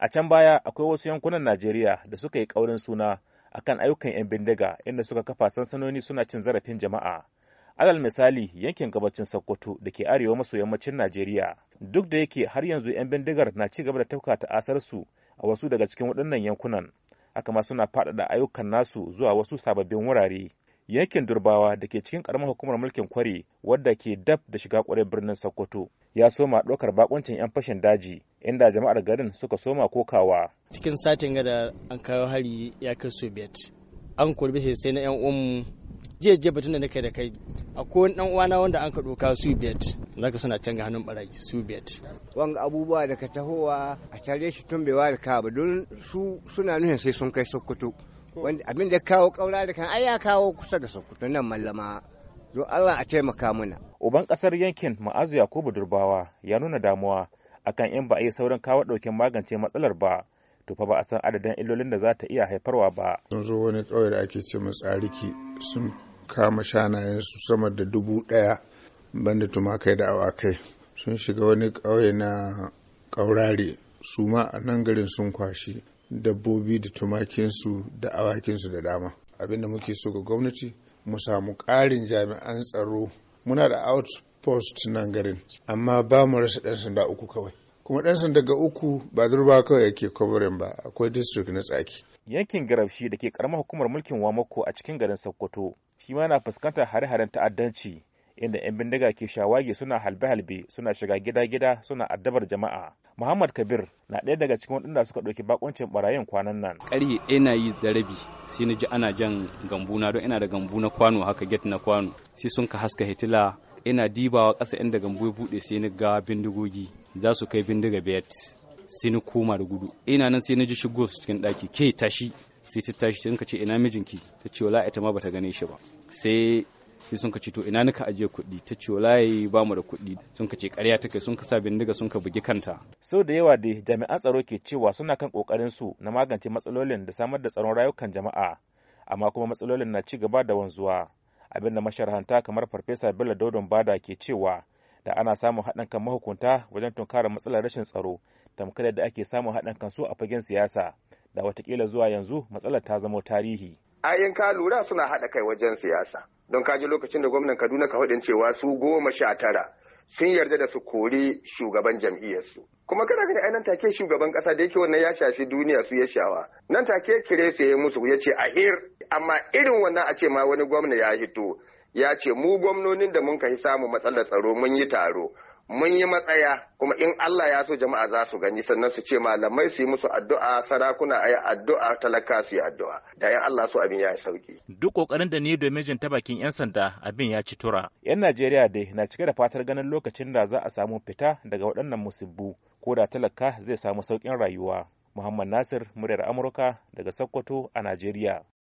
A can baya akwai wasu yankunan Najeriya da suka yi ƙaurin suna a kan ayyukan 'yan bindiga inda suka kafa sansanoni suna cin zarafin jama'a. Alal misali yankin gabacin Sokoto da ke arewa maso yammacin Najeriya. Duk da yake har yanzu 'yan bindigar na ci gaba da tafka ta'asarsu a wasu daga cikin waɗannan yankunan. Haka ma suna faɗaɗa ayyukan nasu zuwa wasu sababbin wurare. yankin durbawa da ke cikin karamar hukumar mulkin kwari wadda ke dab da shiga kwarai birnin sokoto ya soma ɗaukar bakoncin 'yan fashin daji inda jama'ar garin suka soma kokawa cikin satin gada an kawo hari ya kai soviet an kurbi sai na yan uwanmu jiya jiya batun da nake da kai akwai wani dan uwana wanda an ka doka soviet zaka suna canza hannun baraki soviet Wan abubuwa da ka tahowa a tare shi tun bewa da ka ba don su suna nuhin sai sun kai sokoto wanda abin da kawo kaura da kan ai ya kawo kusa ga sokoto nan mallama zo Allah a taimaka muna uban kasar yankin ma'azu yakubu durbawa ya nuna damuwa akan in ba a yi saurin kawo ɗaukin magance matsalar ba to fa ba a san adadin illolin da za ta iya haifarwa ba. sun zo wani ƙauye da ake ce mu tsariki sun kama shanayen su sama da dubu ɗaya banda tumakai da awakai sun shiga wani ƙauye na ƙaurare su ma a nan garin sun kwashi dabbobi da tumakinsu da awakinsu da dama abinda muke so ga gwamnati mu samu ƙarin jami'an tsaro muna da out post nan garin amma ba mu rasa ɗan sanda uku kawai kuma dan sanda ga uku ba durba kawai yake kwabarin ba akwai district na tsaki yankin garabshi da ke karamar hukumar mulkin wamako a cikin garin sokoto shi ma na fuskantar hare-haren ta'addanci inda 'yan bindiga ke shawagi suna halbe-halbe suna shiga gida-gida suna addabar jama'a muhammad kabir na ɗaya daga cikin waɗanda suka ɗauki bakoncin barayin kwanan nan ƙarye ina yi da rabi sai na ji ana jan gambu na don ina da gambu na kwano haka get na kwano sai sun ka haska hitila ina dibawa kasa inda daga ya buɗe sai ni ga bindigogi za su kai bindiga biyar sai ni koma da gudu ina nan sai ni ji shigo su cikin daki ke tashi sai ta tashi ka ce ina mijinki ta ce wala ita ma bata gane shi ba sai sai sun ka ce to ina nika ajiye kuɗi ta ce wallahi ba mu da kuɗi sun ka ce ƙarya kai sun ka sa bindiga sun ka bugi kanta sau da yawa dai jami'an tsaro ke cewa suna kan kokarin su na magance matsalolin da samar da tsaron rayukan jama'a amma kuma matsalolin na ci gaba da wanzuwa abinda masharhanta kamar farfesa bello dodon bada ke cewa da ana samun haɗin kan mahukunta wajen tunkarar matsalar rashin tsaro tamkar yadda ake samun haɗin kan su a fagen siyasa da watakila zuwa yanzu matsalar ta zamo tarihi ayin ka lura suna haɗa kai wajen siyasa don kaji lokacin da gwamnan kaduna ka hudin cewa su goma sha tara sun yarda da su kori shugaban jam'iyyarsu kuma kana gani ai nan take shugaban kasa da yake wannan ya shafi duniya su ya shawa nan take kire su ya musu ya ce ahir amma irin wannan a ce ma wani gwamna ya hito ya ce mu gwamnonin da mun kai samu matsalar tsaro mun yi taro mun yi matsaya kuma in Allah ya so jama'a za su gani sannan su ce malamai su yi musu addu'a sarakuna a yi addu'a talaka su yi addu'a da in Allah so abin ya sauki. Duk kokarin da ni domin jin ta bakin 'yan sanda abin ya ci tura. 'Yan Najeriya dai na cike da fatar ganin lokacin da za a samu fita daga waɗannan musibbu ko da talaka zai samu sauƙin rayuwa. Muhammad Nasir, muryar Amurka daga Sokoto a Najeriya.